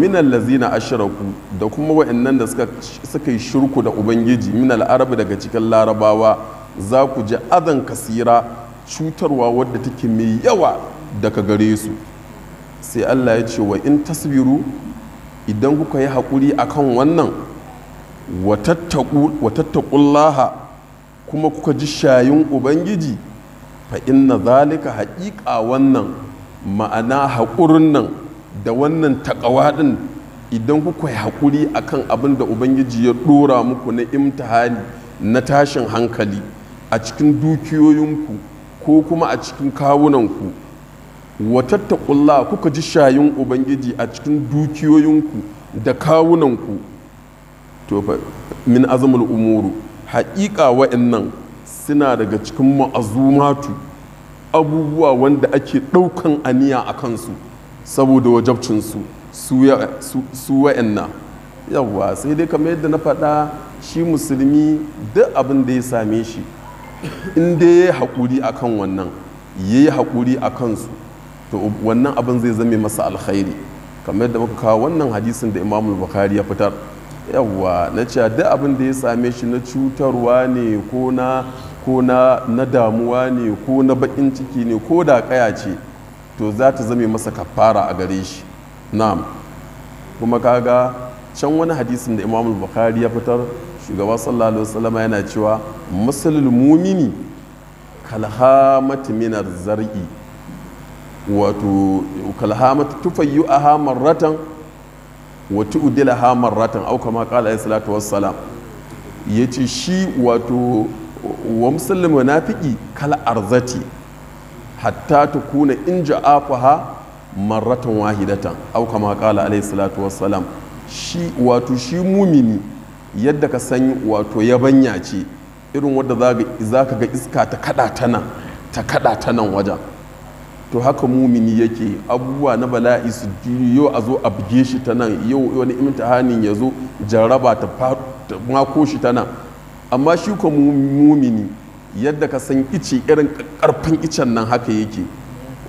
minal lazina ashiraku da kuma wa'annan da suka yi shirku da ubangiji minal arabu daga cikin larabawa za ku ji adan kasira cutarwa wadda take mai yawa daga gare su sai Allah ya ce wa in tasbiru idan kuka yi haƙuri a kan wannan wa kuma kuka ji shayin ubangiji fa inna zalika haƙiƙa wannan ma'ana haƙurin nan da wannan takawa din idan kuka yi haƙuri akan abin da ubangiji ya ɗora muku na imtihani na tashin hankali a cikin dukiyoyinku ko kuma a cikin kawunanku watattakulla kuka ji shayin ubangiji a cikin dukiyoyinku da kawunanku to min azumul umuru haƙiƙa wa'annan suna daga cikin ma'azumatu abubuwa wanda ake ɗaukan aniya a kansu saboda wajabcinsu su na yawwa sai dai kamar yadda na faɗa shi musulmi duk abin da ya same shi in dai ya yi haƙuri a kan wannan ya yi haƙuri a kansu to wannan abin zai zame masa alkhairi kamar yadda muka kawo wannan hadisin da imamul bukhari ya fitar yawwa na cewa duk abin da ya same shi na cutarwa ne ko na damuwa ne ko na baƙin ciki ne ko da ƙaya ce to za ta zame masa kafara a gare shi na'am kuma kaga can wani hadisin da imamul bukhari ya fitar shugaba sallallahu alaihi wasallam yana cewa masalul mumini kalhamati minar zargi wato kalhamati tufayyu aha marratan wa tu'dila ha marratan au kama qala ya salatu wassalam yace shi wato wa musulmi munafiki kal arzati hatta ta kuna in ja'afaha marratan wahidatan au kama kala alayhi salatu wassalam shi wato shi mumini yadda ka san wato yabanya ce irin wadda za ka ga iska ta kada ta nan ta kada ta nan wajen to haka mumini yake abubuwa na bala'i su yau a zo a buge shi ta nan yau wani imtihanin ya zo jaraba ta mako shi ta nan amma shi ka mumini yadda ka san ice irin karfin icen nan haka yake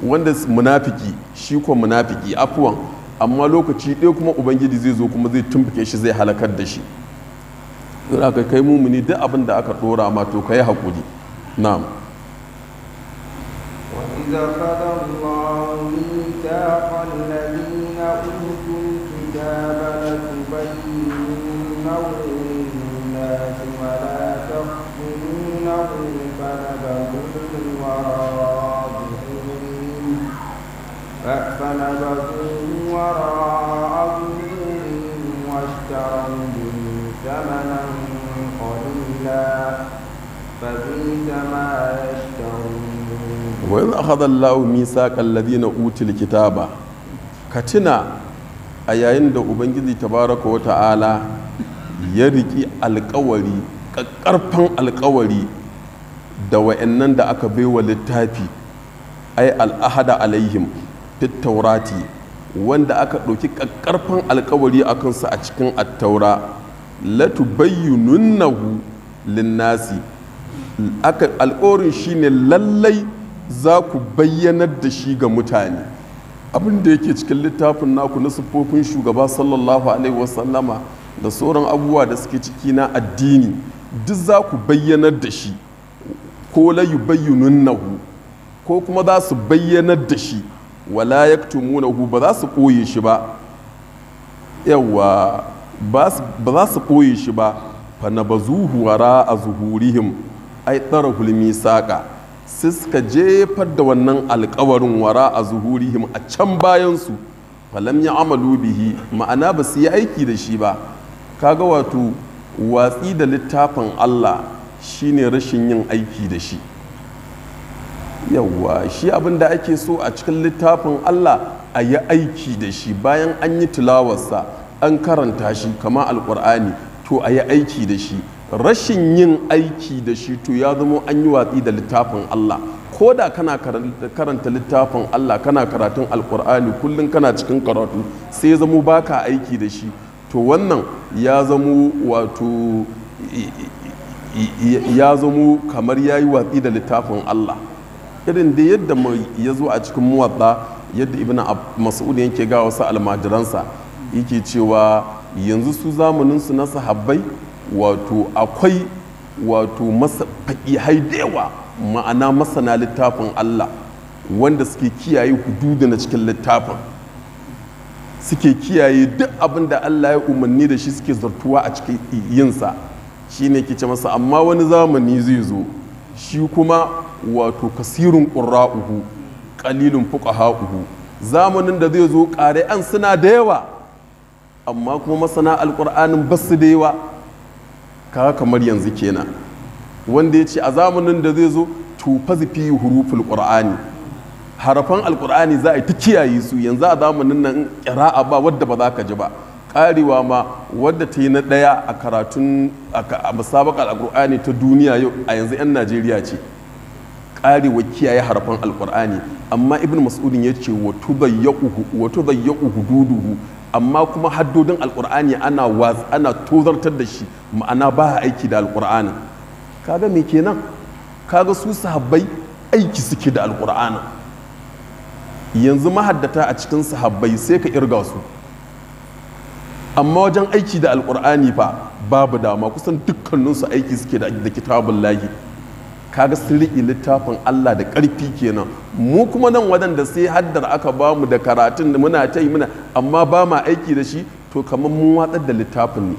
wanda munafiki shi ko munafiki afuwan amma lokaci ɗaya kuma ubangiji zai zo kuma zai tumbuke shi zai halakar da shi za ka kai mumuni duk abin da aka ɗora ma to ka yi haƙuri na'am وإذا الله ميثاق الذين أوتوا الكتاب لتبيننه فلبثوا وراء ظهورهم واشتروا به ثمنا قليلا فبئس ما يشترون وإذ أخذ الله ميثاق الذين أوتوا الكتاب كتنا a yayin da ubangiji tabaraka wa ta'ala ya riki alkawari ƙaƙƙarfan alkawari da wa'annan da aka baiwa littafi ai al'ahada alaihim tattaurati wanda aka ɗauki ƙaƙƙarfan alkawari a kansa a cikin attaura latu bayyununnahu linnasi alkawarin ne lallai za ku bayyanar da shi ga mutane abin da yake cikin littafin naku na siffofin shugaba sallallahu alaihi wasallama da sauran abubuwa da suke ciki na addini duk za ku bayyanar da shi ko la yubayyinunnahu ko kuma za su bayyanar da shi wala yaktumunahu ba za su koye shi ba yawa ba za su koye shi ba fa nabazuhu wara a zuhurihim ai hulmi saƙa suka jefar da wannan alkawarin wara a zuhurihim a can bayansu falam ya amalu bihi ma'ana ba su yi aiki da shi ba kaga wato watsi da littafin Allah shine rashin yin aiki da shi yawwa shi abin da ake so a cikin littafin allah a yi aiki da shi bayan an yi tilawarsa an karanta shi kama alkur'ani to a yi aiki da shi rashin yin aiki da shi to ya zama an yi watsi da littafin allah ko da kana karanta littafin allah kana karatun alkur'ani kullum kana cikin karatu sai zamo baka aiki da shi to wannan ya zamo wato ya zamo kamar ya yi watsi da littafin allah irin da yadda ya zo a cikin muwadda yadda ibn mas'ud yake ga wasu almajiransa yake cewa yanzu su zamanin su na sahabbai wato akwai wato faƙihai da ma'ana masana littafin Allah wanda suke kiyaye hududu na cikin littafin suke kiyaye duk abin da Allah ya umarni da shi suke zartuwa a cikin yinsa shine ne ke ce masa amma wani zamani zai zo shi kuma wato kasirun ƙura'uhu fuka fuqaha'uhu zamanin da zai zo an suna da yawa amma kuma masana alƙur'anin ba su da yawa kaga kamar yanzu kenan wanda ya ce a zamanin da zai zo tufa zifi huruful ƙur'ani harafan alƙur'ani za a yi ta kiyaye su yanzu a zamanin nan ƙira'a ba wadda ba za ka ji ba ƙarewa ma wadda ta yi na ɗaya a karatun a musabakar alƙur'ani ta duniya yau a yanzu 'yan najeriya ce wa kiyaye harafan alkur'ani amma ibn mas'udin ya ce wato uhu hududuhu amma kuma haddodin alkur'ani ana ana tozartar da shi ma'ana ba aiki da alkur'anin kaga me kenan kaga su sahabbai aiki suke da alkur'anin yanzu mahaddata a cikin sahabbai sai ka irga su amma wajen aiki da alkur'ani fa babu dama kusan dukkaninsu aiki suke da kitabun lahi kaga sun riƙe littafin Allah da ƙarfi kenan mu kuma nan waɗanda sai haddar aka ba mu da karatun da muna ta yi muna amma ba ma aiki da shi to kamar mun watsar da littafin ne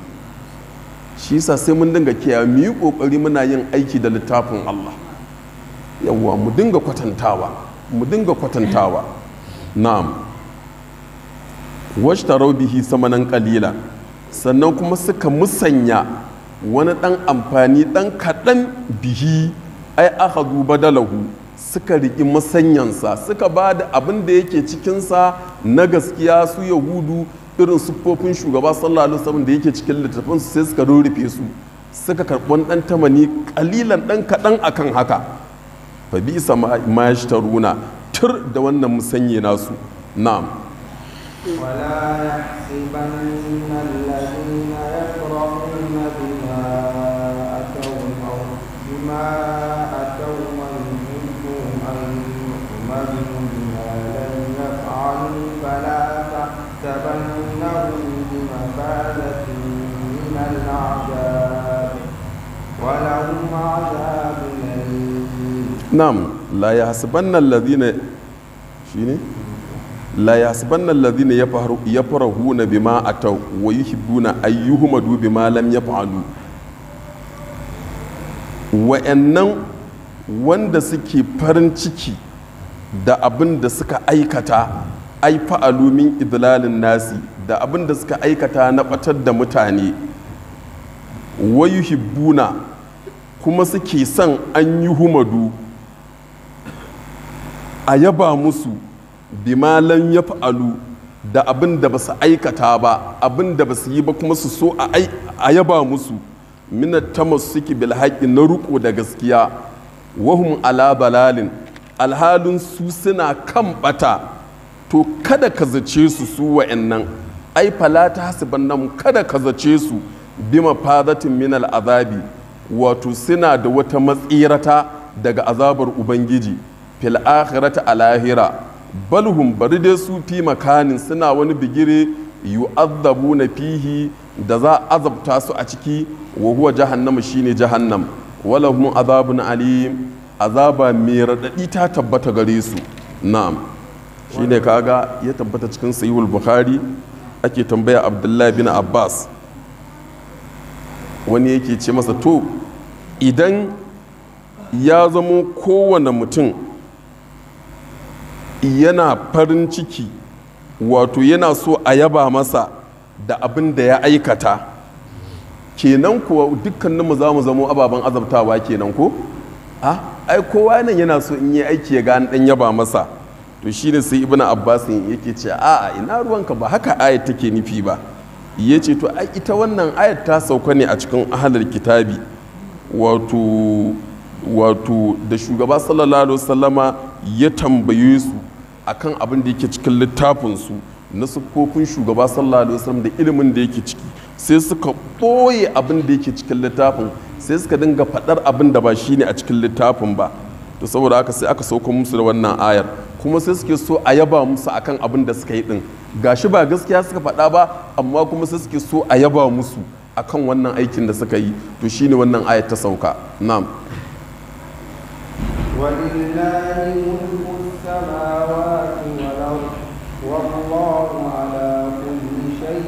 shi sa sai mun dinga kiyaye mu yi ƙoƙari muna yin aiki da littafin Allah yawwa mu dinga kwatantawa mu dinga kwatantawa na'am washtarau bihi samanan kalila sannan kuma suka musanya wani ɗan amfani ɗan kaɗan bihi ai aka duba dalahu suka riƙi musanyansa suka ba da abin da yake cikinsa na gaskiya su yahudu irin siffofin shugaba sallallahu alaihi wasallam da yake cikin su sai suka rurrufe su suka karɓi ɗan tamani ƙalilan ɗan kaɗan akan haka fa bi isa ma runa tur da wannan musanye nasu na'am ولا يحسبن نعم لا يحسبن الذين شيني لا يحسبن الذين يفرحون بما اتوا ويحبون ان يحمدوا بما لم يفعلوا wa'annan wanda suke farin ciki da abin da suka aikata ai fa'alu idlalin nasi da abin da suka aikata na batar da mutane wayu kuma suke son an yi humadu a yaba musu bimalan ya fa'alu da abin da ba su aikata ba abin da ba su yi ba kuma su so a yaba musu minar ta suke bilhaƙi na ruko da gaskiya wahum alabalalin balalin alhalin su suna kan bata to kada ka zace su su wa'annan ai falata ta nan kada ka zace su bima fadatin min al'azabi azabi wato suna da wata matsirata daga azabar ubangiji fil akhirati a lahira balhum bari dai su fi makanin suna wani bigire yu'azzabu na fihi da za azabta su a ciki wa huwa jahannam shine jahannam walahum azabun alim azaba mai raɗaɗi ta tabbata gare su na'am shine kaga ya tabbata cikin sahihul bukhari ake tambaya abdullahi bin abbas wani yake ce masa to idan ya zamo kowane mutum yana farin ciki wato yana so a yaba masa da abin da ya aikata kenan kuwa dukkaninmu za mu zamo ababen azabtawa kenan ko a ai kowa nan yana so in yi aiki ya gani dan yaba masa to shine sai ibnu abbas yake ce a ina ruwanka ba haka aya take nufi ba ya ce to ita wannan ayat ta sauka ne a cikin ahalar kitabi wato da shugaba sallallahu alaihi wasallama ya tambaye su akan abin da yake cikin littafinsu na siffofin shugaba sallallahu alaihi wasallam da ilimin da yake ciki sai suka ɓoye abin da yake cikin littafin sai suka dinga faɗar abin da ba shi ne a cikin littafin ba to saboda haka sai aka sauko musu da wannan ayar kuma sai suke so a yaba musu akan abin da suka yi din gashi ba gaskiya suka faɗa ba amma kuma sai suke so a yaba musu akan wannan aikin da suka yi to shine wannan ayat ta sauka na'am walillahi mulku samawati wal ard على كل شيء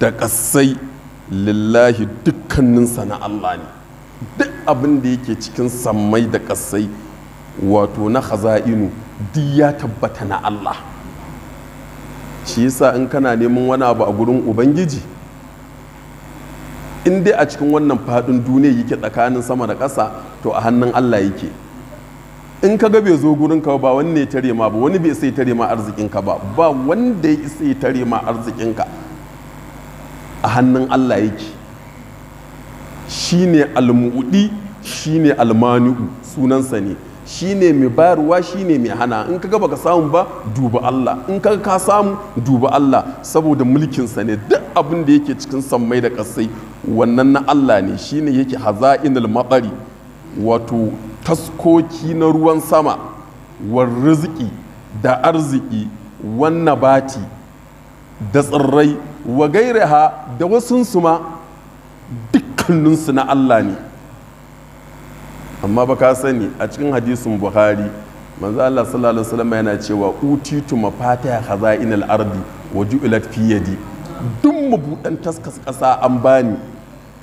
قدير lillahi dukkaninsa na Allah ne duk abin da yake cikin sammai da kasai wato na khaza'inu duk ya tabbata na Allah shi yasa in kana neman wani abu a gurin ubangiji in dai a cikin wannan fadin duniya yake tsakanin sama da ƙasa to a hannun Allah yake in ka ga bai zo gurin ka ba wanne ya tare ma ba wani bai sai tare ma arzikinka ba ba wanda ya sai tare ma arzikinka a hannun Allah yake shine almuudi ne almanu'u sunansa ne Shi ne mai bayarwa ne mai hana in kaga baka samu ba duba Allah in kaga ka samu duba Allah saboda mulkinsa ne duk abin da yake cikin sammai da kasai wannan na Allah ne shi shine yake haza'inul matsari wato taskoki na ruwan sama war riziki da arziki wannan bati da tsirrai wa gairaha da wasunsu ma dukkaninsu na Allah ne amma ba ka sani a cikin hadisin buhari manzo Allah sallallahu alaihi wasallam yana cewa utitu mafatiha khazainal ardi wa ju'ilat fi yadi duk mabudan taskas kasa an bani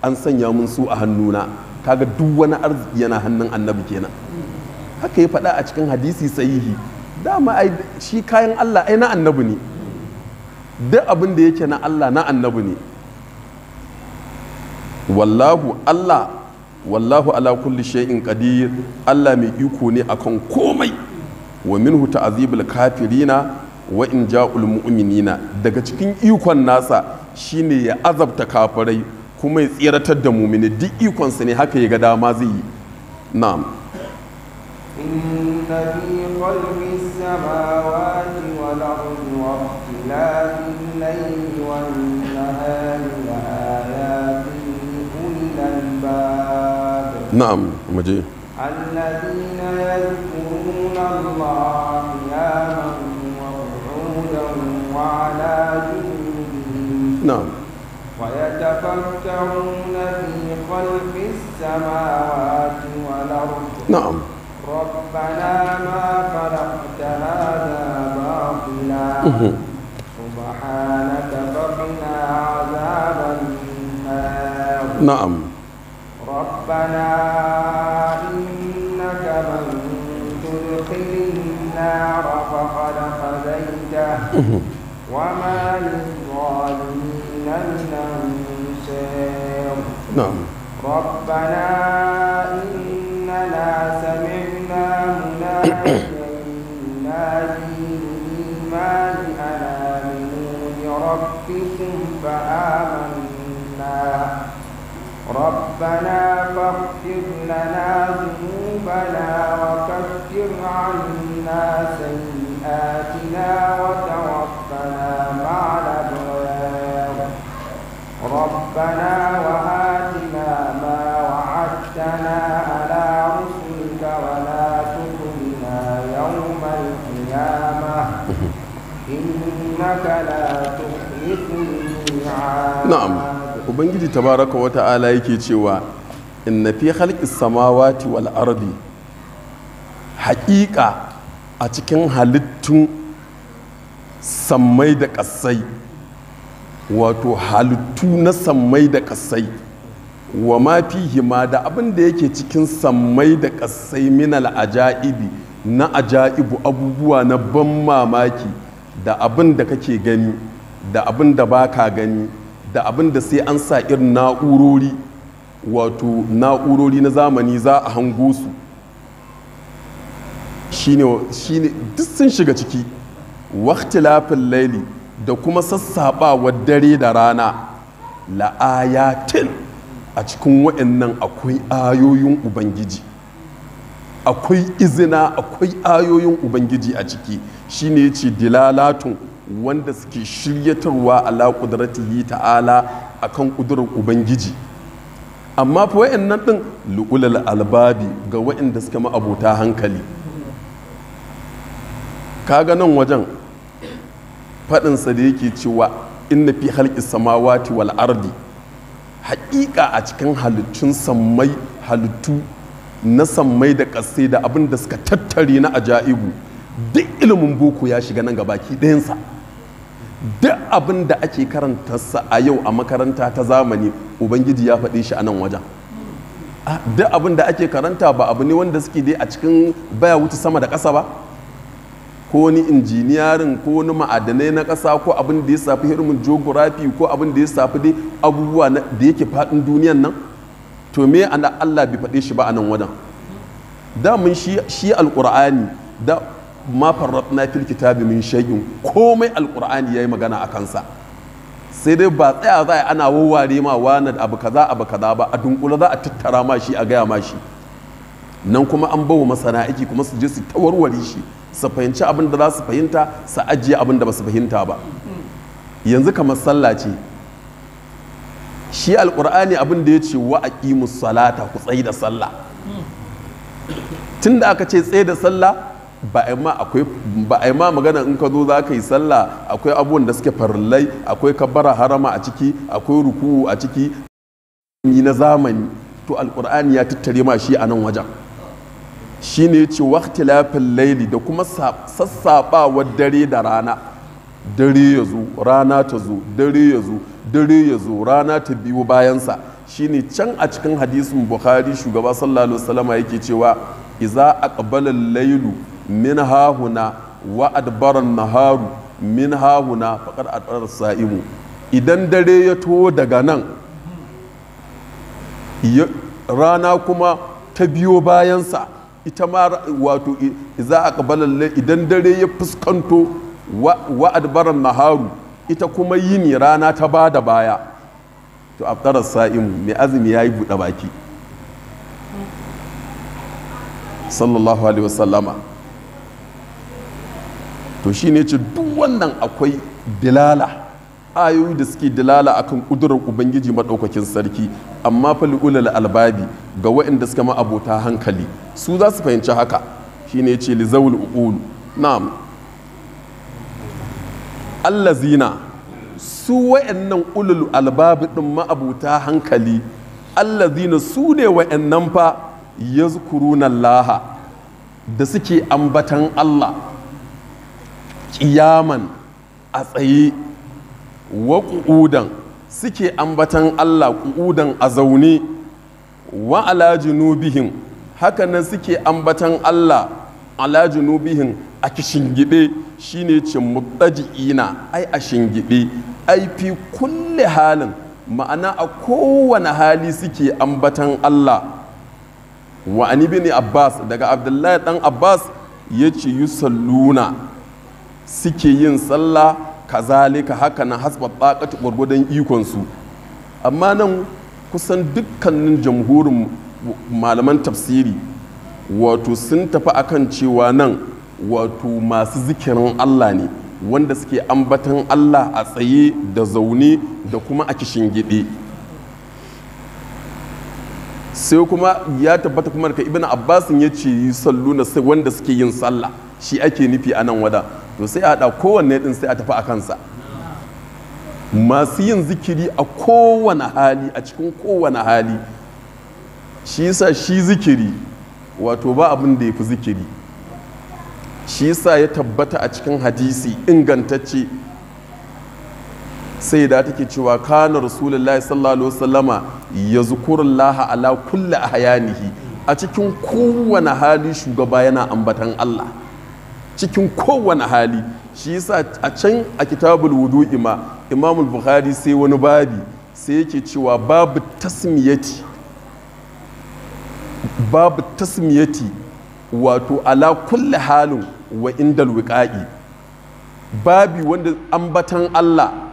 an sanya mun su a hannuna kaga duk wani arziki yana hannun annabi kenan haka ya faɗa a cikin hadisi sahihi dama ai shi kayan Allah ai na annabi ne duk abin da yake na Allah na annabi ne wallahu Allah wallahu ala kulli shay'in qadir Allah mai iko ne akan komai wa minhu ta'zibul kafirina wa in ja'ul mu'minina daga cikin ikon nasa shine ya azabta kafirai kuma ya tsiratar da mumini duk ikonsa ne haka ya ga dama zai yi na'am inna fi samawati wal ardi وأسرفنا الليل والنهار لآيات أولي الألباب نعم مجيء الذين يذكرون الله قياما وقعودا وعلى جنوبهم نعم ويتفكرون في خلق السماوات والأرض نعم ربنا ما خلقت هذا باطلا نعم ربنا إنك من تدخل النار فقد خزيته وما للظالمين من أنصار نعم ربنا إننا سمعنا مناديا ينادي للإيمان أن آمنوا بربكم فآمنا ربنا فاغفر لنا ذنوبنا وكفر عنا سيئاتنا وتوفنا مع الأبرار ربنا وأ ubangiji tabaraka wata ta'ala yake cewa inna fi khalqis samawati wal ardi haƙiƙa a cikin halittun sammai da ƙasai wato halittu na sammai da ƙasai wa ma hima da abin da yake cikin sammai da ƙasai minal ajaibi na ajaibu abubuwa na ban mamaki da abin da kake gani da abin da baka gani da abin da sai an sa irin na'urori wato na'urori na zamani za a hango su shine duk sun shiga ciki waktilafin laili da kuma sassaɓawa dare da rana la'ayatin a cikin waɗannan akwai ayoyin ubangiji akwai izina akwai ayoyin ubangiji a ciki shine ne ce dilalatun wanda suke shiryatarwa ala yi ta'ala akan kudurar ubangiji amma fa nan, ɗin lu'ulal albabi ga da suke ma'abuta hankali kaga nan wajen faɗinsa da yake cewa inna fi halki samawati wal ardi haƙiƙa a cikin halittun sammai halittu na sammai da ƙasai da abin da suka tattare na ajaibu duk ilimin boko ya shiga nan ga baki ɗayansa duk abin da ake karantarsa a yau a makaranta ta zamani ubangiji ya faɗi shi a nan wajen duk abin da ake karanta ba abu ne wanda suke dai a cikin baya wuce sama da ƙasa ba ko wani injiniyarin ko wani ma'adanai na ƙasa ko abin da ya safi hirmin geography ko abin da ya safi dai abubuwa da yake faɗin duniyan nan to me ana Allah bai faɗe shi ba a nan wajen da mun shi alƙur'ani ma farratna fil kitabi min shay'in komai alqur'ani yayi magana a kansa sai dai ba tsaya za ana wawware ma wani abu kaza abu kaza ba a dunkula za a tattara ma shi a gaya ma shi nan kuma an bawa masana kuma su je su tawarware shi su fahimci abin da za su fahimta su ajiye abin da ba su fahimta ba yanzu kamar sallah ce shi alkur'ani abin da ya ce wa aqimus salata ku tsayi da sallah tunda aka ce tsaye da sallah ba a ma ma magana in ka zo za ka yi sallah akwai abubuwan da suke farillai akwai kabara harama a ciki akwai ruku'u a ciki yi na zamani to alkur'ani ya tattare ma shi a nan wajen shi ne ce lafin laili da kuma sassaɓawar dare da rana dare ya zo rana ta zo dare ya zo dare ya zo rana ta biyu bayansa Shi ne can a cikin hadisin bukhari shugaba sallallahu alaihi wasallama yake cewa iza a ƙabalar lailu min hahuna wa adbaran naharu min hahuna faqad adbarar sa'imu idan dare ya to daga nan rana kuma ta biyo bayansa ita ma wato za a kabalalle idan dare ya fuskanto wa adbaran naharu ita kuma yini rana ta ba da baya to abdarar sa'imu mai azumi ya yi buɗe baki sallallahu alaihi wasallama to shi ne ce duk wannan akwai dilala ayoyi da suke dilala akan kudurar ubangiji maɗaukakin sarki amma fa ulal albabi ga waɗanda suka ma'abota hankali su za su fahimci haka shi ne ce li zaul uqulu na'am allazina su waɗannan ulul albabi ɗin ma'abota hankali allazina su ne waɗannan fa yazkuruna laha da suke ambatan Allah ƙiyaman a tsaye wa ƙudan suke ambatan Allah ƙu'udan a zaune wa alajinubihin junubihim hakanan suke ambatan Allah ala a kishingibe shine ce muɗaji'ina ai a shingibe ai fi kulle halin ma'ana a kowane hali suke ambatan Allah wa anibini Abbas daga Abdullahi dan Abbas ya yi salluna. suke yin sallah kazalika haka na hasba baƙatu gwargwadon ikonsu amma nan kusan dukkanin jamhurin malaman tafsiri wato sun tafi akan cewa nan wato masu zikirin allah ne wanda suke ambatan allah a tsaye da zaune da kuma a kishin gide sai kuma ya tabbata kuma daga ibn abbas ya ce yi sallu na wanda suke yin sallah shi ake nufi a nan wada to sai a haɗa kowanne ɗin sai a tafi a kansa masu yin zikiri a kowane hali a cikin kowane hali shi yasa shi zikiri wato ba abin da ya fi zikiri shi yasa ya tabbata a cikin hadisi ingantacce sai da take cewa kana rasulullahi sallallahu alaihi wasallama yazkurullaha ala kulli ahyanihi a cikin kowane hali shugaba yana ambatan Allah cikin kowane hali shi yasa a can a kitabul wudu'i ma al bukhari sai wani babi sai yake cewa babu tasmiyati babu tasmiyati wato ala kulli halin wa indal wiqa'i babi wanda ambatan Allah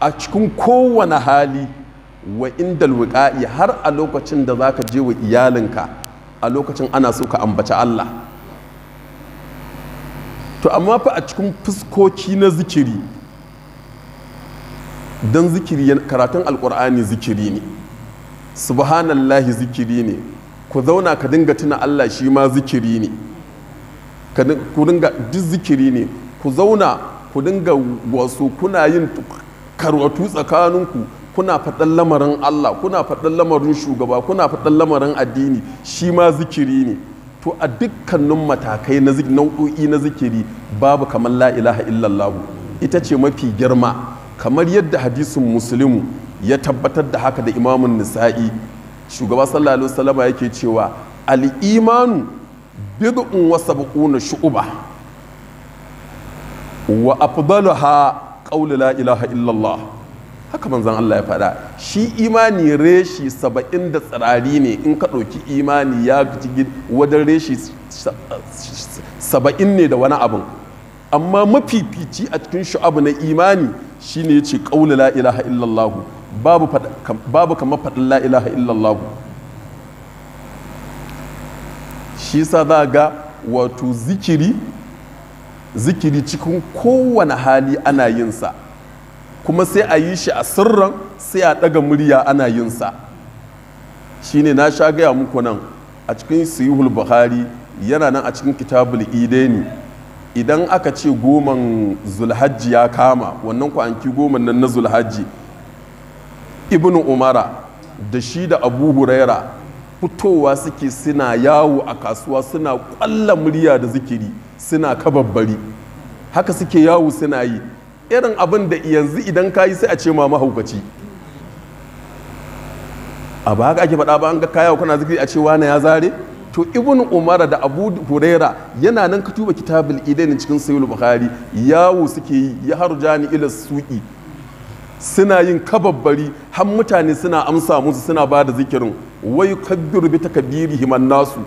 a cikin kowane hali wa inda wuƙa'i har a lokacin da za ka je wa iyalinka a lokacin ana so ka ambaci Allah to amma fa a cikin fuskoki na zikiri don zikiri karatun alkur'ani zikiri ne subhanallahi zikiri ne ku zauna ka dinga tuna Allah shi ma zikiri ne ku dinga duk zikiri ne ku zauna ku dinga wasu kuna yin karwatu tsakaninku kuna faɗan lamarin Allah kuna faɗan lamarin shugaba kuna faɗan lamarin addini shi ma zikiri ne to a dukkanin matakai na nau'o'i na zikiri babu kamar la'ilaha ilaha illallah ita ce mafi girma kamar yadda hadisin muslimu ya tabbatar da haka da imamun nisa'i shugaba sallallahu alaihi wasallama yake cewa al'imanu bid'un wa sab'una shu'ba wa afdaluha ƙaulu la ilaha illallah haka manzan Allah ya faɗa shi imani reshi saba'in da tsirari ne in ka ɗauki imani ya jigi wajen reshi saba'in ne da wani abin amma mafifici a cikin shu'abu na imani shi ya ce ƙaulu la ilaha illallah babu kama faɗin la ilaha illallah shi sa za ga wato zikiri zikiri cikin kowane hali ana yin sa kuma sai a yi shi a sirran sai a ɗaga murya ana yinsa sa shine na sha gaya muku nan a cikin sihul buhari yana nan a cikin kitabul ideni idan aka ce goman zulhajji ya kama wannan kwanki goman nan na zulhajji ibn umara da shi da abu huraira fitowa suke suna yawo a kasuwa suna kwallon murya da zikiri suna kababbari haka suke yawo suna yi irin abin da yanzu idan ka yi sai a ce ma mahaukaci a ba haka ake faɗa ba an ga kaya kana zikiri a ce wane ya zare to ibn umara da abu huraira yana nan ka tuba kitabul idain cikin sayyid bukhari yawo suke yi ya harjani ila suqi suna yin kababbari har mutane suna amsa musu suna ba da zikirin wai kabbir bi takbirihim nasu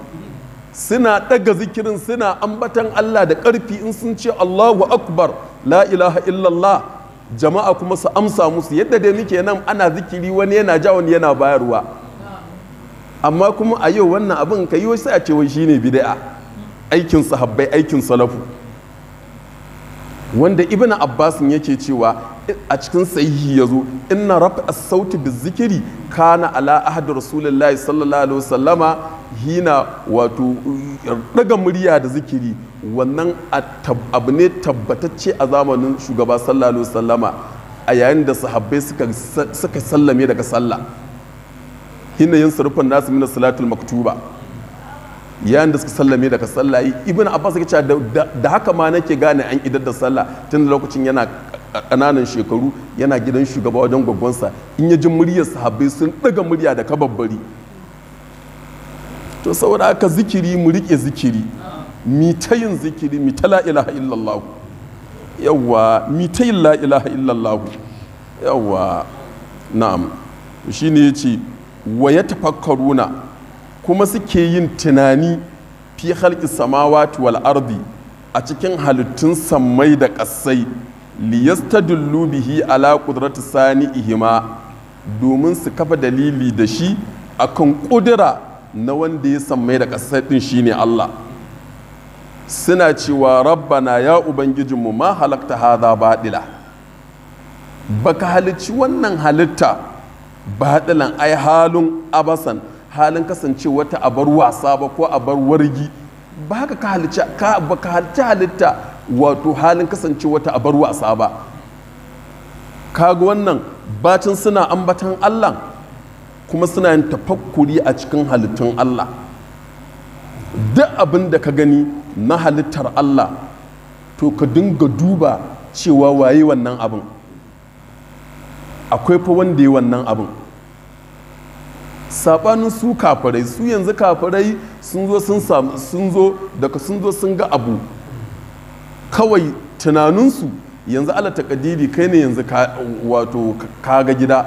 suna ɗaga zikirin suna ambatan Allah da ƙarfi in sun ce Allahu akbar la ilaha illallah jama'a kuma su amsa musu yadda dai muke nan ana zikiri wani yana ja wani yana bayarwa amma kuma a yau wannan abin ka yi wasu a ce wai shine bida'a aikin sahabbai aikin salafu wanda ibn abbas yake cewa a cikin sahihi yazo inna raf'a sauti bizikiri kana ala ahd rasulullahi sallallahu alaihi wasallama hina wato daga murya da zikiri wannan abu ne tabbatacce a zamanin shugaba sallallahu sallama a yayin da sahabbai suka sallame daga sallah hina yin surfin nasu mina salatul maktuba yayin da suka sallame daga sallah ibn abbas ya ce da haka ma nake gane an idar da sallah tun lokacin yana ƙananan shekaru yana gidan shugaba wajen gwaggonsa in ya ji muryar sahabbai sun daga murya da kababbari to saboda haka zikiri mu rike zikiri mi ta yin zikiri mi ta la ilaha illallah yawwa mi ta yin la ilaha illallah yawwa na'am shine yace wa ya karuna kuma suke yin tunani fi khalqi samawati wal ardi a cikin halittun sammai da ƙasai liyasta dullubihi ala sani ihima domin su kafa dalili da shi akan kudura. na wanda ya sammai da ƙasar ɗin shine Allah suna cewa rabbana ya ubangijinmu ma halakta haza baɗila baka halicci wannan halitta baɗilan ai halin abasan halin kasance wata abar wasa ba ko abar wargi ba ka halicci halitta wato halin kasance wata abar wasa ba kaga wannan bacin suna ambatan Allah kuma suna yin tafakkuri a cikin halittun Allah duk abin da ka gani na halittar Allah to ka dinga duba cewa waye wannan abin akwai fa wanda ya wannan abin sabanin su kafirai su yanzu kafirai sun zo sun samu sun zo daga sun zo sun ga abu kawai tunaninsu yanzu ala takadiri kai ne yanzu wato kaga gida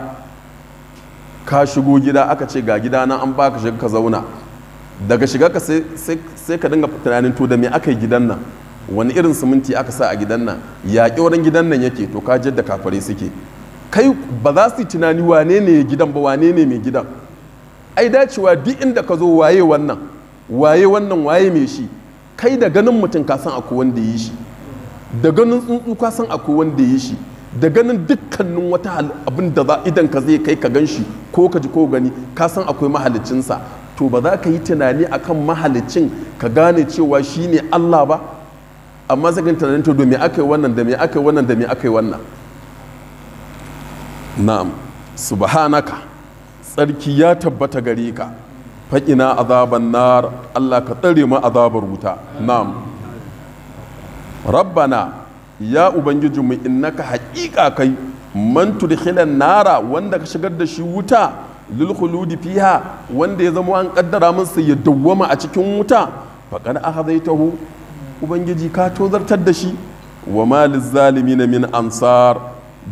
ka shigo gida aka ce ga gida na an baka shiga ka zauna daga shiga ka sai ka dinga tunanin to da me aka yi gidan nan wani irin siminti aka sa a gidan nan ya wurin gidan nan yake to ka jadda kafare suke kai ba za su yi tunani wane ne gidan ba wane ne mai gidan ai dacewa duk inda ka zo waye wannan waye wannan waye mai shi kai da ganin mutum ka san akwai wanda yi shi da ganin tsuntsu ka san akwai wanda yi shi da ganin dukkanin wata abin da za idan ka zai kai ka gan shi ko ka ji ko gani ka san akwai mahalicinsa to ba za ka yi tunani akan mahalicin ka gane cewa shi ne Allah ba amma zai gani tunanin to da me aka yi wannan da me aka yi wannan da me aka yi wannan na'am subhanaka tsarki ya tabbata gare ka faƙina azaban nar Allah ka tsare mu azabar wuta na'am rabbana ya ubangijinmu innaka haƙiƙa kai man tudkhilan nara wanda ka shigar da shi wuta lil khuludi fiha wanda ya zama an kaddara masa ya dawwama a cikin wuta kana ahadaitahu ubangiji ka tozartar da shi wa maliz zalimin min ansar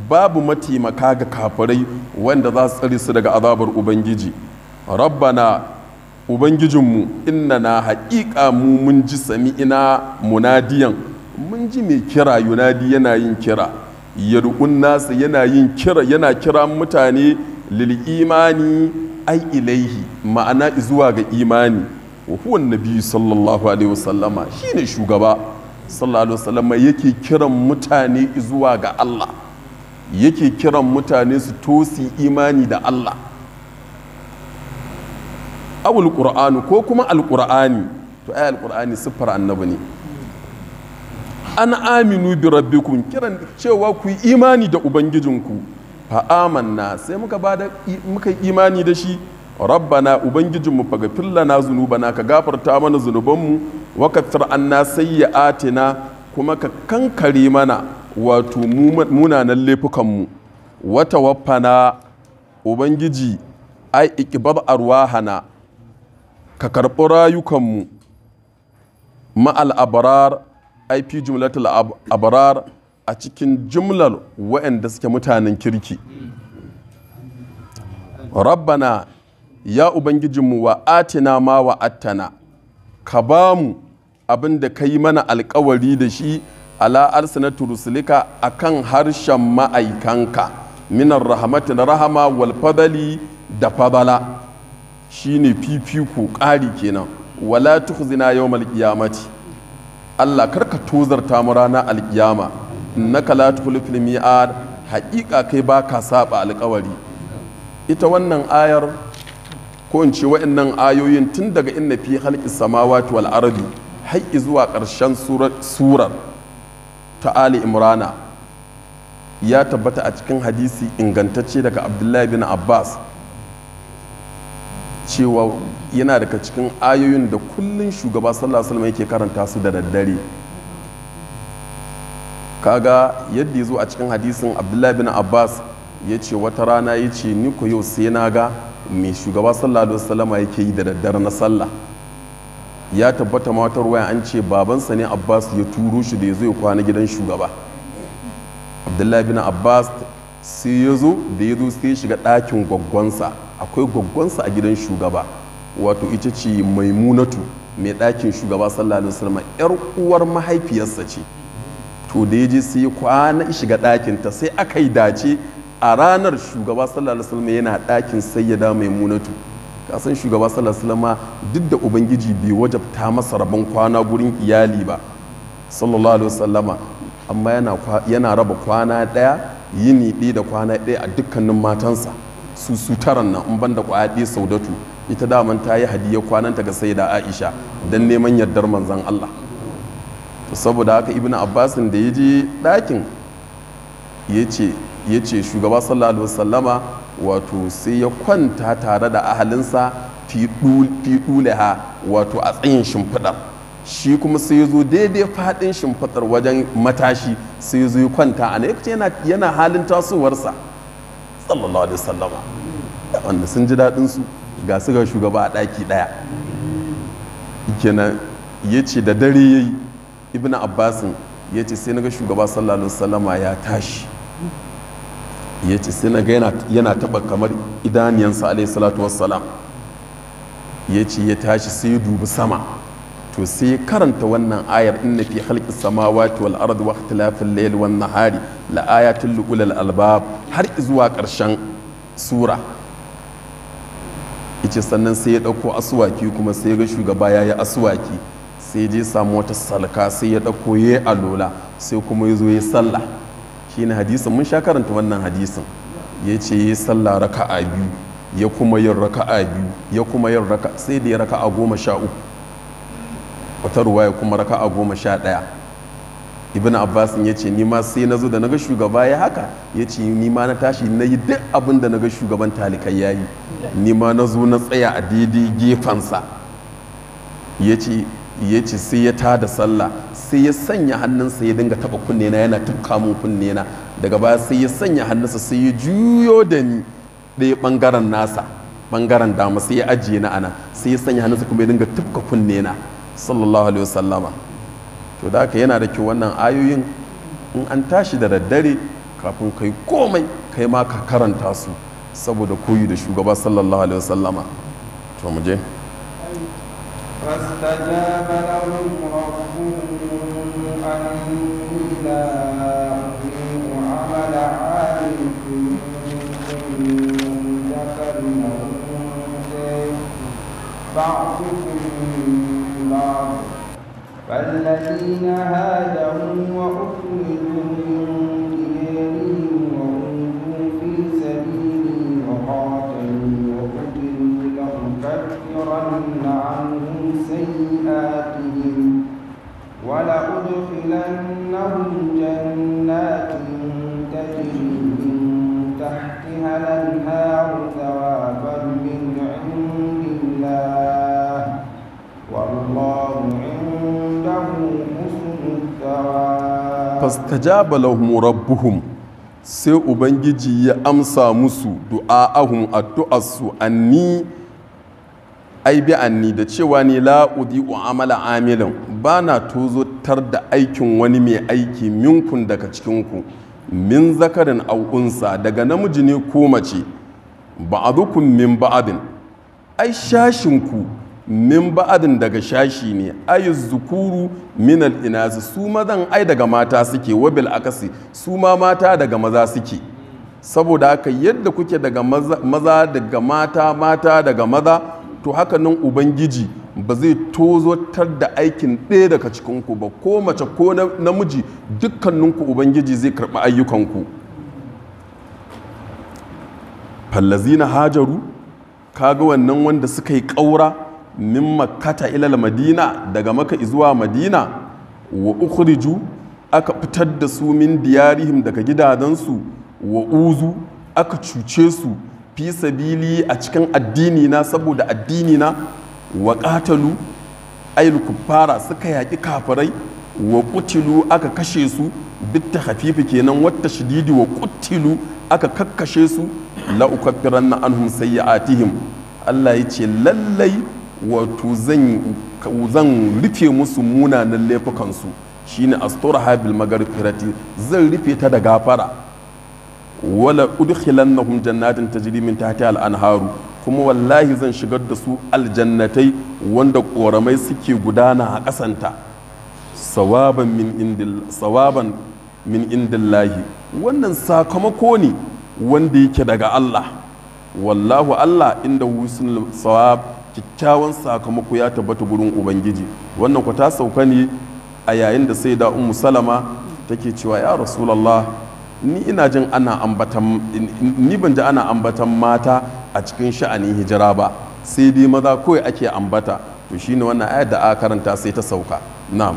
babu mataimaka ga kafirai wanda za su tsare su daga azabar ubangiji rabbana ubangijinmu inna na haƙiƙa mu mun ji sami sami'ina munadiyan mun ji mai kira yunadi yana yin kira yad'un nasa yana yin kira yana kira mutane lil imani ai ilaihi ma'ana zuwa ga imani wa huwa nabi sallallahu alaihi wasallama shine shugaba sallallahu alaihi wasallama yake kiran mutane zuwa ga Allah yake kiran mutane su tosi imani da Allah awul qur'anu ko kuma alqur'ani to ai qur'ani siffar annabi ne an aminu bi rabbikum kiran cewa ku yi imani da ubangijinku fa amanna sai muka da muka yi imani da shi rabbana ubangijinmu faga fillana zunubana ka gafarta mana zunuban zunubanmu wa kattar anna sayyi'atina kuma ka kankare mana wato munanan mu. wata waffana ubangiji ai ikbab arwahana ka karɓi rayukanmu ma'al abrar IP jumlatul abrar a cikin jumlar waɗanda suke mutanen kirki rabbana ya ubangijinmu wa atina ma wa attana ka ba mu abin da ka yi mana alkawari da shi ala arsinatu rusulika a kan harshen ma'aikanka minar rahamati na rahama wal fadali da fadala shine fifiko ƙari kenan wala tuhzina yawmal qiyamati Allah karka tozarta mu rana alkiyama na kalatu tukhlifu mi'ad haƙiƙa kai ba ka saba alƙawari ita wannan ayar ko in ce wa'annan ayoyin tun daga inna fi halqi samawati wal ardi haƙi zuwa ƙarshen surar ta Ali Imrana ya tabbata a cikin hadisi ingantacce daga Abdullahi bin Abbas cewa yana daga cikin ayoyin da kullum shugaba sallallahu alaihi yake karanta su da daddare kaga yadda ya zo a cikin hadisin abdullahi bin abbas ya ce wata rana ya ce ni ko yau sai na ga mai shugaba sallallahu alaihi yake yi da daddare na sallah ya tabbata ma wata ruwaya an ce babansa ne abbas ya turo shi da ya zo ya kwana gidan shugaba abdullahi bin abbas sai ya zo da ya zo sai shiga ɗakin gwaggonsa. akwai gwaggonsa a gidan shugaba wato ita ce maimunatu mai ɗakin shugaba sallallahu alaihi wasallam yar uwar mahaifiyarsa ce to da ya je sai kwana shiga ɗakin ta sai aka yi dace a ranar shugaba sallallahu alaihi wasallam yana ɗakin sayyada maimunatu kasan shugaba sallallahu alaihi wasallam duk da ubangiji bai wajabta masa rabon kwana gurin iyali ba sallallahu alaihi wasallam amma yana raba kwana ɗaya yini ɗaya da kwana ɗaya a dukkanin matansa su su nan in banda kwaya ɗaya saudatu ita daman ta yi hadiya kwananta ga saida aisha don neman yardar manzan allah saboda haka ibnu abbasin da ya je ɗakin ya ce shugaba sallallahu alaihi wasallama wato sai ya kwanta tare da ahalinsa fi ɗuleha wato a tsayin shimfiɗar shi kuma sai ya zo daidai faɗin shimfiɗar wajen matashi sai ya zo ya kwanta a yana halin tasowarsa sallallahu alaihi wasallama wanda sun ji daɗin su ga su ga shugaba a ɗaki ɗaya kenan ya ce da dare ya yi ibn abbasin ya ce sai na ga shugaba sallallahu alaihi wasallama ya tashi ya ce sai na ga yana taɓa kamar idaniyansa alaihi salatu wassalam ya ce ya tashi sai ya dubi sama to sai karanta wannan ayar inna fi khalqis samawati wal ardi wa ikhtilafil layli wan nahari la ayatul ulul albab har zuwa karshen sura yace sannan sai ya dauko aswaki kuma sai ga shugaba yayi aswaki sai je samu wata salka sai ya dauko yayi alola sai kuma ya yazo ya shi shine hadisin mun sha karanta wannan hadisin yace yayi salla raka'a biyu ya kuma yin raka'a biyu ya kuma yin raka sai da ya raka'a goma sha uku wata ruwaya kuma raka a goma sha ɗaya ibn abbas ya ce ni ma sai na zo da naga shugaba ya haka ya ce ni na tashi na yi duk abin da naga shugaban talikai ya yi ni na zo na tsaya a daidai gefensa ya ce ya ce sai ya ta da sallah sai ya sanya hannunsa ya dinga taba kunne na yana tafka mun kunne na daga baya sai ya sanya hannunsa sai ya juyo da ni ɗaya bangaren nasa bangaren dama sai ya ajiye na ana sai ya sanya hannunsa kuma ya dinga tafka kunne na sallallahu alaihi wasallama to da haka yana da kyau wannan ayoyin in an tashi da daddare kafin kai komai kai ma ka karanta su saboda koyi da shugaba sallallahu alaihi wasallama to mu je فاستجاب لهم بعضكم النار فالذين هاجروا وأخرجوا من ديارهم وأوذوا في سبيلي وقاتلوا وقتلوا لأكفرن عنهم سيئاتهم ولأدخلنهم جنات تجري من تحتها الأنهار fastajaba lahum rabbuhum sai ubangiji ya amsa musu du'a'ahum addu'arsu anni ai bi anni da cewa ni la udi'u amala amilan ba na tozotar da aikin wani mai aiki minkun daga cikinku min zakarin au'unsa daga namiji ne ko mace ba'adukum min ba'adin ai ku min ba'adin daga shashi ne ayi zukuru minal inazi su mazan ai daga mata suke wabil akasi su ma mata daga maza suke saboda haka yadda kuke daga maza daga mata mata daga maza to haka nan ubangiji ba zai tozotar da aikin ɗaya daga cikinku ba ko mace ko namiji dukkaninku ubangiji zai karɓi ayyukanku fallazina hajaru kaga wannan wanda suka yi ƙaura min makata ilal madina daga maka zuwa madina wa ukhriju aka fitar da su min diyarihim daga gidajensu wa uzu aka cuce su fi sabili a cikin addini na saboda addini na wa qatalu ayyul kuffara suka yaki kafirai wa kutilu aka kashe su bitta hafifi kenan wata shididi wa kutilu aka kakkashe su la ukaffiranna anhum sayyi'atihim Allah ya ce lallai wato zan rufe musu munanan laifukansu shine astora habil magarfirati zan rufe ta da gafara wala udkhilannahum jannatin tajri min tahtiha al-anharu kuma wallahi zan shigar da su aljannatai wanda koramai suke gudana a kasanta sawaban min indillahi wannan sakamako ne wanda yake daga Allah wallahu Allah inda wusul sawab kyakkyawan sakamako ya tabbata gurin ubangiji wannan ku ta sauka ne a yayin da sai da ummu salama take cewa ya rasulallah ni ni ban ji ana ambatan mata a cikin sha'anin hijira ba sai dai maza kawai ake ambata to shine wannan ayar da a karanta sai ta sauka na'am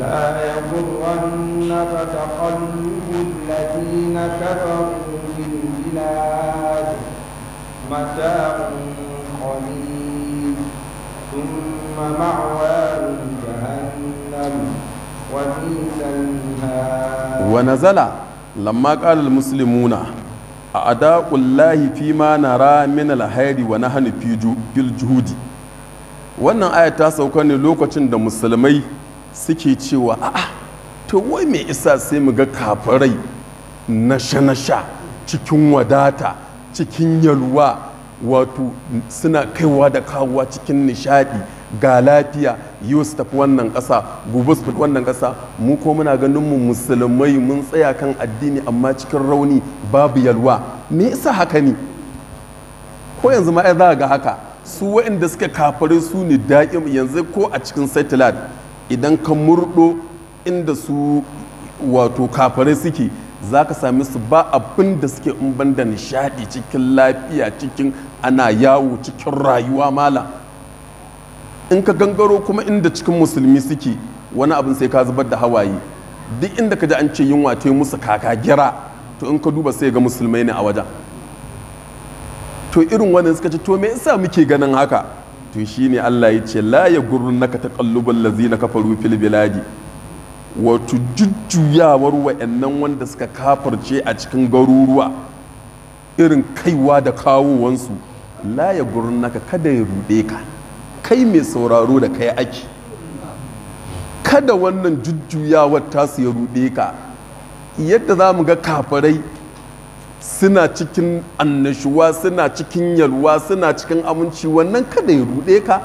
لا يغرنك تقلب الذين كفروا في البلاد متاع قليل ثم مأواه جهنم وبئس المهاد ونزل لما قال المسلمون أعداء الله فيما نرى من الخير ونهن في الجهود wannan aya ta sauka ne lokacin da musulmai suke cewa a'a ta wai mai isa sai mu ga kafirai nasha-nasha cikin wadata cikin yalwa wato suna kaiwa da kawowa cikin nishadi ga lafiya yau su tafi wannan ƙasa gobe su tafi wannan ƙasa mu ko muna ganin mu musulmai mun tsaya kan addini amma cikin rauni babu yalwa me yasa haka ne ko yanzu ma za ga haka su waɗanda suka kafare su ne da'im yanzu ko a cikin satellite idan ka murdo inda su wato kafare suke za ka sami su ba abin da suke in da nishadi cikin lafiya cikin ana yawo cikin rayuwa mala in ka gangaro kuma inda cikin musulmi suke wani abin sai ka zubar da hawaye duk inda ka ji an ce yunwa ta musu kaka gira to in ka duba sai ga musulmai ne a wajen to irin wani suka ce to me yasa muke ganin haka to shi ne Allah ya ce la ya gurrun naka lazi na kafar fil biladi wato jujjuyawar wa'annan wanda suka kafarce a cikin garuruwa irin kaiwa da kawowansu la ya naka kada ya ruɗe ka kai mai sauraro da kai ake kada wannan jujjuyawar tasu ya ruɗe ka yadda za mu ga kafarai suna cikin annashuwa suna cikin yalwa suna cikin aminci wannan kada ya ruɗe ka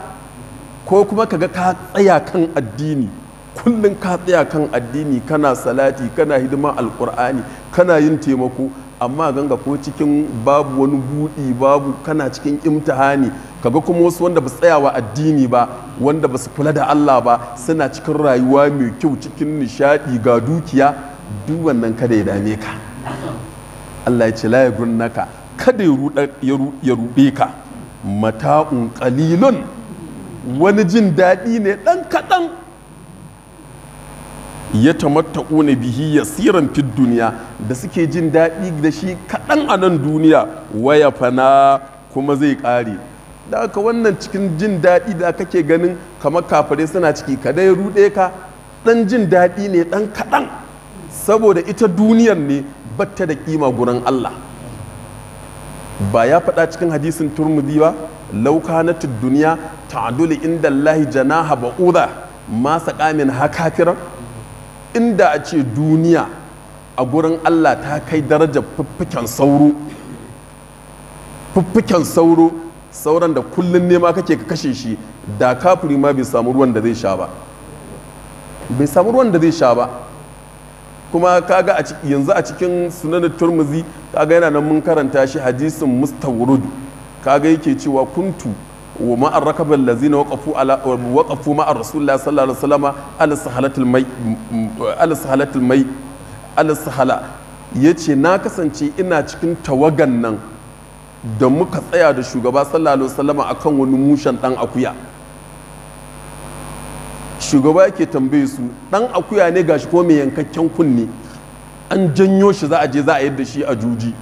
ko kuma ka ga ka tsaya kan addini kullum ka tsaya kan addini kana salati kana hidimar alkur'ani kana yin taimako amma ganga ko cikin babu wani buɗi babu kana cikin imtihani kaga kuma wasu wanda ba tsayawa addini ba wanda ba su kula da Allah ba suna cikin rayuwa mai kyau cikin nishaɗi ga dukiya duk wannan kada ya dame ka Allah ya ce la naka kada ya ruɗe ka mata'un qalilun wani jin daɗi ne dan kaɗan ya tamatta'una bihi yasiran fit duniya da suke jin daɗi da shi kaɗan a nan duniya waya fana kuma zai ƙare da aka wannan cikin jin daɗi da kake ganin kamar kafare suna ciki kada ya ruɗe ka ɗan jin daɗi ne ɗan kaɗan saboda ita duniyar ne batta da ƙima gurin Allah ba ya faɗa cikin hadisin turmudi ba na duniya ta'adula inda Allah janaha ba'udha ma haka hakafiran inda a ce duniya a gurin Allah ta kai daraja fuffuken sauro fuffuken sauro sauran da kullum nema kake ka kashe shi da kafiri ma bai samu ruwan da zai sha ba bai samu ruwan da zai sha ba kuma kaga yanzu a cikin sunanin turmuzi kaga yana nan mun karanta shi hadisin mustawrud kaga yake cewa kuntu wa ma arrakabal lazina waqafu ala waqafu ma rasulullah sallallahu alaihi wasallam mai ala sahalatil yace na kasance ina cikin tawagan nan da muka tsaya da shugaba sallallahu alaihi wasallam akan wani mushen dan akuya shugaba yake tambaye su dan akuya ne gashi ko mai yankakken kunne an janyo shi za'a je za a yadda shi a juji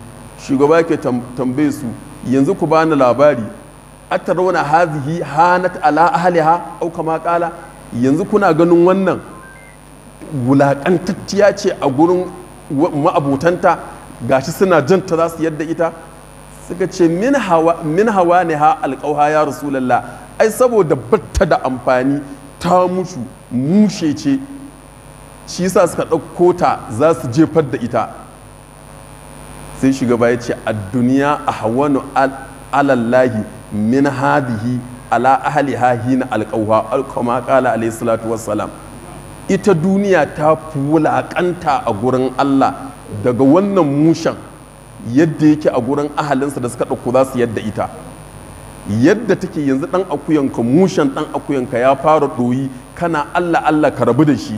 shugaba yake tambaye su yanzu ku bani labari rauna hazihi hanat ala ahliha au kama kala yanzu kuna ganin wannan wulaƙantacciya ce a gurin ma'abutanta gashi suna jin ta za su yadda ita suka ce min hawa ne ha alƙauha ya lalla ai saboda batta da amfani ta mutu mushe ce shi yasa suka ɗauko ta za su jefar da ita sai shugaba ya ce a duniya a hawanu alallahi min hadihi ala ahliha hina alqawha alkama qala alayhi salatu wassalam ita duniya ta wulaƙanta a gurin Allah daga wannan mushan yadda yake a gurin ahalinsa da suka ɗauko za su yadda ita yadda take yanzu ɗan akuyanka mushen ɗan akuyanka ya fara ɗoyi kana Allah Allah ka rabu da shi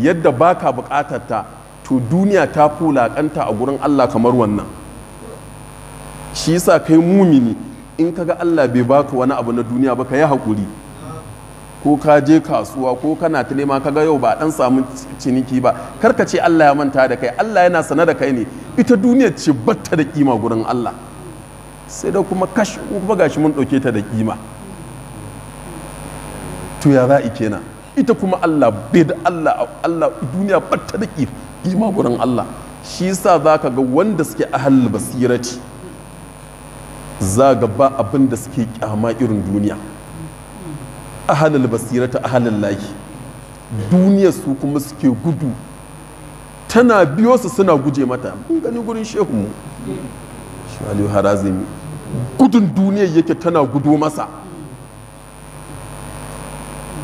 yadda baka buƙatar ta to duniya ta wulaƙanta a gurin Allah kamar wannan shi yasa kai mumini in kaga Allah bai baka wani abu na duniya ba ka yi haƙuri ko ka je kasuwa ko kana ta nema kaga yau ba dan samu ciniki ba Kar ka ce Allah ya manta da kai Allah yana sana da kai ne ita duniya ce batta da kima gurin Allah sai da kuma kash kuma gashi mun dauke ta da kima to ya za'i kenan ita kuma Allah bai da Allah Allah duniya batta da kima gurin Allah shi yasa zaka ga wanda suke ahal basirati za ga ba abin suke kyama irin duniya a halin basira ta a halin laki duniya su kuma suke gudu tana biyo su suna guje mata mun gani gurin shehunmu shalihu harazimi gudun duniya yake tana gudu masa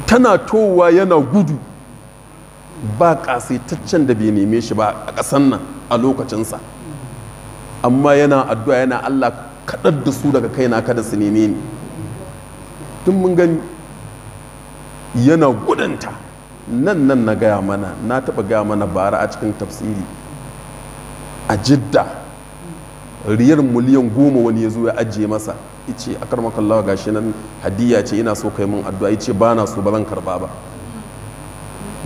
tana towa yana gudu ba taccan da bai neme shi ba a ƙasan nan a lokacinsa amma yana addu'a yana allah kaɗar da su daga kaina kada su neme ni tun mun gani yana gudanta nan nan na gaya mana na taɓa gaya mana bara a cikin tafsiri a jidda riyar miliyan goma wani ya zo ya ajiye masa ice a karmakallawa gashi nan hadiya ce ina so kai mun addu'a ice ba na so ba zan karba ba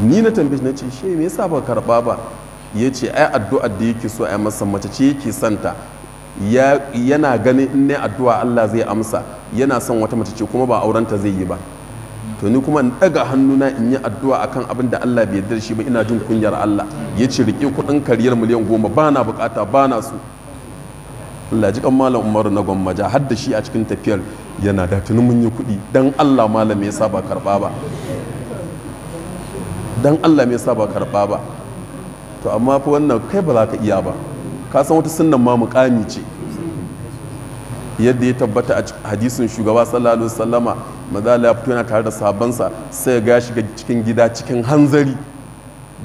ni na tambaye na ce shi me yasa ba karba ba ya ce ai addu'ar da yake so a masa mace ce yake santa yana gani in ne addu'a Allah zai amsa yana son wata mace ce kuma ba aurenta zai yi ba to ni kuma in daga hannuna in yi addu'a akan abin da Allah bai yarda shi ba ina jin kunyar Allah ya ce rike kuɗin kariyar miliyan goma ba na bukata ba na su Allah ji kan malam Umaru na gwammaja har da shi a cikin tafiyar yana da mun yi kuɗi dan Allah malam ya saba karba ba dan Allah mai yasa ba karba ba to amma fa wannan kai ba za ka iya ba ka san wata sunan ma mukami ce yadda ya tabbata a hadisin shugaba sallallahu alaihi wasallama maza ya fito yana tare da sabansa sai ga ya shiga cikin gida cikin hanzari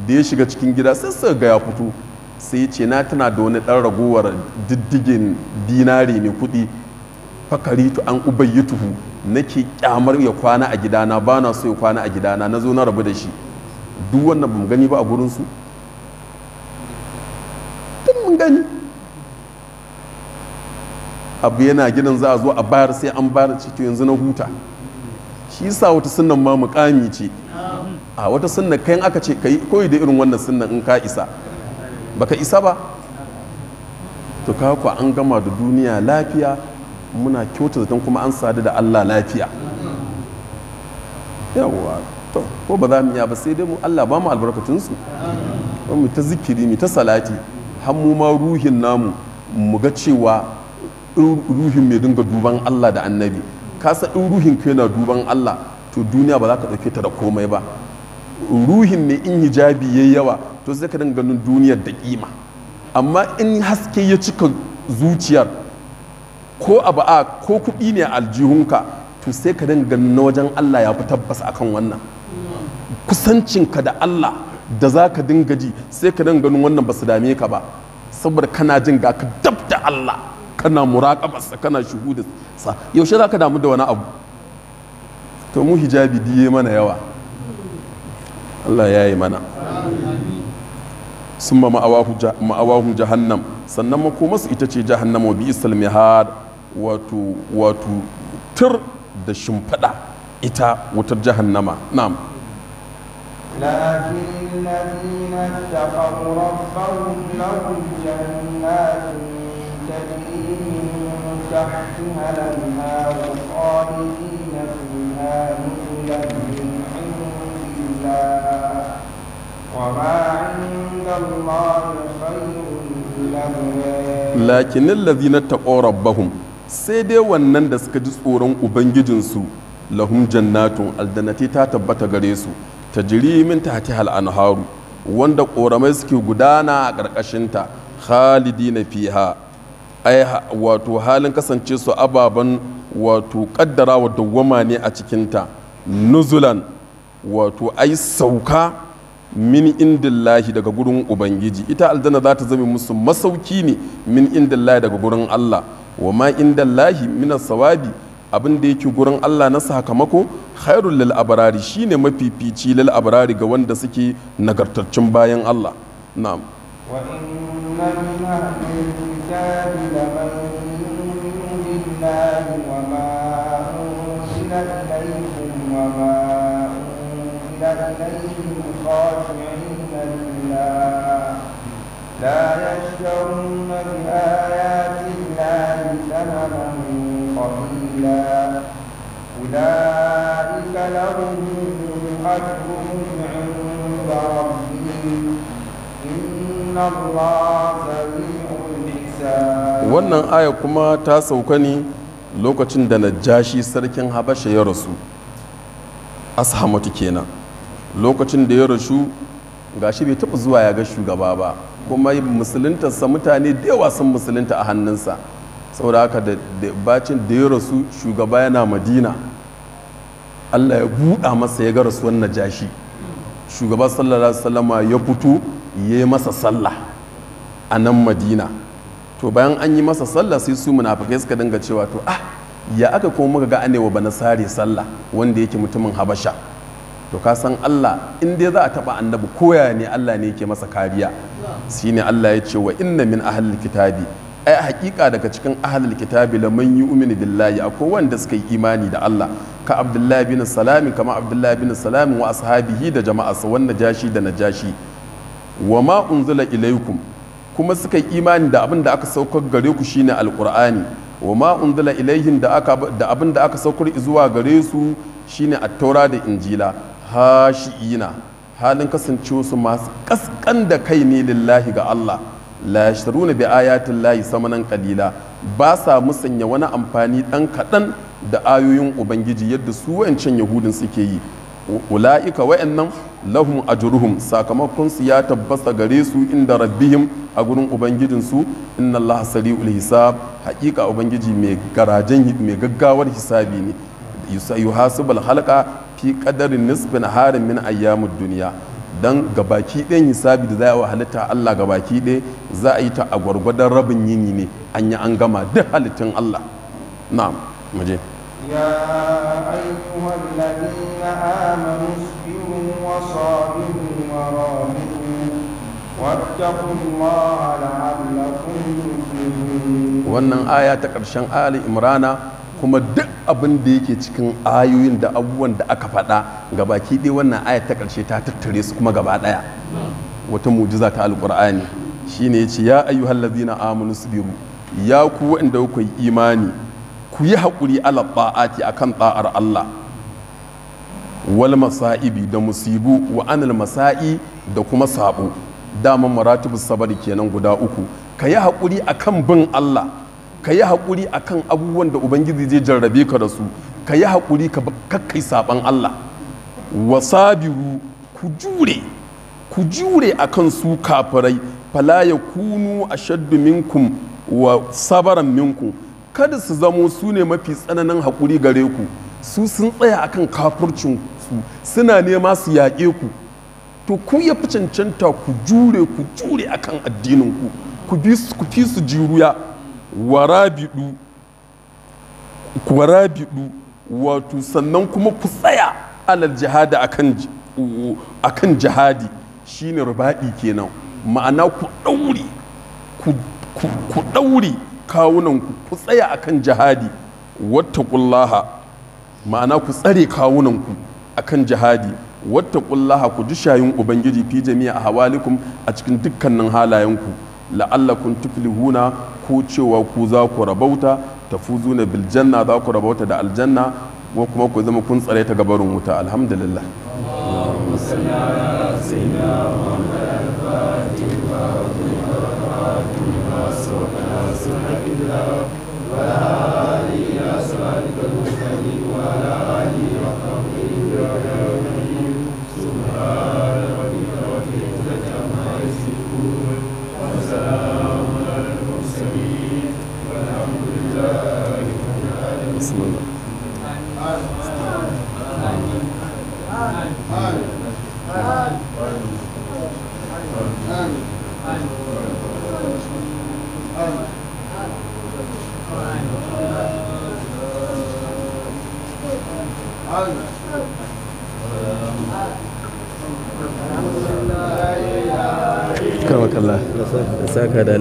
da ya shiga cikin gida sai sai ga ya fito sai ya ce na tana da wani dan ragowar diddigin dinari ne kuɗi fakaritu an ubayyituhu nake kyamar ya kwana a gidana bana na so ya kwana a gidana na zo na rabu da shi duk wannan ban gani ba a gurin su gani abu yana gidan za a zo a bayar sai an bayar ciki yanzu na huta shi sa wata sunan ma mukami ce a wata sunan kayan aka ce kai koyi da irin wannan sunan in ka isa baka isa ba to ka an gama da duniya lafiya muna kyauta zaton kuma an sadu da Allah lafiya yawwa to ko ba za mu iya ba sai dai mu Allah ba mu albarkatunsu mu ta zikiri mu ta salati hannu ma ruhin namu mu ga cewa ruhin mai dinga duban Allah da annabi kasa in ruhin ka yana duban Allah to duniya ba za ka ɗauke ta da komai ba ruhin mai in hijabi ya yawa to sai ka dinga ganin duniyar da kima amma in haske ya cika zuciyar ko abu a ko kuɗi ne a aljihunka to sai ka dinga ganin na wajen Allah ya fi tabbas akan wannan kusancinka da Allah da za ka dinga ji sai ka dinga ganin wannan ba su dame ka ba saboda kana jin ga ka dab da Allah kana muraƙabarsa kana da sa yaushe za ka damu da wani abu to mu hijabi diye mana yawa Allah ya yi mana sun ma ma'awahun jahannam sannan makomasu ita ce jahannam wa bi mihad wato wato tur da shimfiɗa ita wutar jahannama na'am لكن الذين اتقوا ربهم لهم جنات تجري من تحتها الانهار خالدين فيها نزلا من عند الله وما عند الله خير لكن الذين اتقوا ربهم sai dai wannan da suka ji tsoron ubangijinsu lahum jannatun ta tabbata gare su ta jiri min tahtiha al-anharu wanda ƙoramai suke gudana a ƙarƙashinta khalidina fiha ai wato halin kasance su ababen wato kaddara wa dawwama ne a cikinta nuzulan wato ai sauka min indillahi daga gurin ubangiji ita aljanna za ta zame musu masauki ne min indillahi daga gurin Allah wa ma indillahi min sawabi abin da yake gurin Allah na sakamako khairul lil abrari shine mafifici lil abrari ga wanda suke nagartaccen bayan Allah na'am wa inna min ahlil kitabi laman billahi قليلا أولئك لهم أجرهم عند ربهم إن الله wannan aya kuma ta sauka ne lokacin da najashi sarkin habasha ya rasu ashamatu kenan lokacin da ya rasu gashi bai taɓa zuwa ya ga shugaba ba kuma musuluntarsa mutane da yawa sun musulunta a hannunsa saboda haka da bacin da ya rasu shugaba yana madina allah ya buɗa masa ya ga rasuwan najashi shugaba sallallahu alaihi ya fito ya yi masa sallah a nan madina to bayan an yi masa sallah sai su muna munafikai suka dinga cewa to ah ya aka kuma muka ga anewa bana sare sallah wanda yake mutumin habasha to ka san Allah in dai za a taba annabi koya ne Allah ne yake masa kariya shine Allah ya ce wa inna min ahli kitabi ai hakika daga cikin ahlul kitabi la man yu'minu billahi akwai wanda suka yi imani da Allah ka Abdullahi bin Salami kama Abdullahi bin Salami wa ashabihi da jama'arsa wanda jashi da najashi wa ma unzila ilaikum kuma suka yi imani da abin da aka saukar gare ku shine alqur'ani wa ma unzila ilayhim da aka da abin da aka saukar zuwa gare su shine at-taura da injila hashiina halin kasancewa su masu kaskan da kai ne lillahi ga Allah la yashtaruna bi ayatin layi samanan kalila ba sa musanya wani amfani dan kaɗan da ayoyin ubangiji yadda su wayancan yahudin suke yi ula'ika wayannan lahum ajruhum sakamakon su ya tabbasa gare su inda rabbihim a gurin ubangijin su inna Allah sari'ul hisab haƙiƙa ubangiji mai garajen mai gaggawar hisabi ne yuhasibul halqa fi qadarin nisbin harin min ayyamud duniya don gabaki ɗayan hisabi da za a halitta Allah gabaki ɗaya za a yi ta a gwargwadon rabin yini ne an yi an gama duk halittun Allah na'am maje ya wannan aya ta ƙarshen Ali Imrana kuma duk abin da yake cikin ayoyin da abubuwan da aka faɗa ga baki ɗaya wannan ayat ta ƙarshe ta tattare su kuma gaba ɗaya wata mujiza ta alƙur'ani shine ya ce ya ayyuhal ladzina amanu subiru ya ku inda ku yi imani ku yi haƙuri ala ta'ati akan ta'ar Allah wal masa'ibi da musibu wa masa'i da kuma sabo daman maratibus sabari kenan guda uku ka yi haƙuri akan bin Allah ka yi haƙuri a kan abubuwan da ubangiji zai jarrabe ka da su ka yi haƙuri ka kakkai saɓan allah wasabiru ku jure ku jure a kan su kafirai fala ya kunu a shaddu minkum wa sabaran minkum kada su zamo su ne mafi tsananin haƙuri gare ku su sun tsaya akan kafurcin su suna nema su yaƙe ku to ku ya fi cancanta ku jure ku jure akan addinin ku ku fi su jiruya warabidu wato sannan kuma ku tsaya alal jihada akan jihadi shine rubadi kenan ma'ana ku ɗaure ku ɗauri kawunanku ku tsaya akan jihadi wattaqullaha ma'ana ku tsare kawunanku akan jihadi ƙullaha ku ji shayin ubangiji fi jami'a a hawalikum a cikin dukkanin halayenku la'allakun tuflihuna ku cewa ku za ku rabauta tafuzuna bil biljanna za ku rabauta da aljanna ko kuma ku zama kun tsare ta gabarin wuta alhamdulillah 再开的。